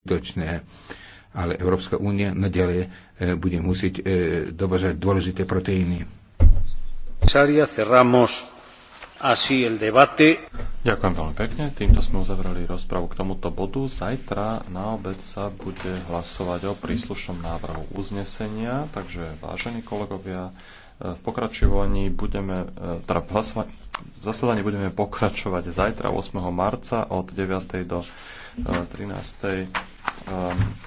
skutočné. Ale Európska únia nadalej e, bude musieť e, dovažať dôležité proteíny. Ďakujem veľmi pekne. Týmto sme uzavreli rozpravu k tomuto bodu. Zajtra na obed sa bude hlasovať o príslušnom návrhu uznesenia. Takže, vážení kolegovia, e, v pokračovaní budeme, teda v, v zasadaní budeme pokračovať zajtra 8. marca od 9. do 13 um,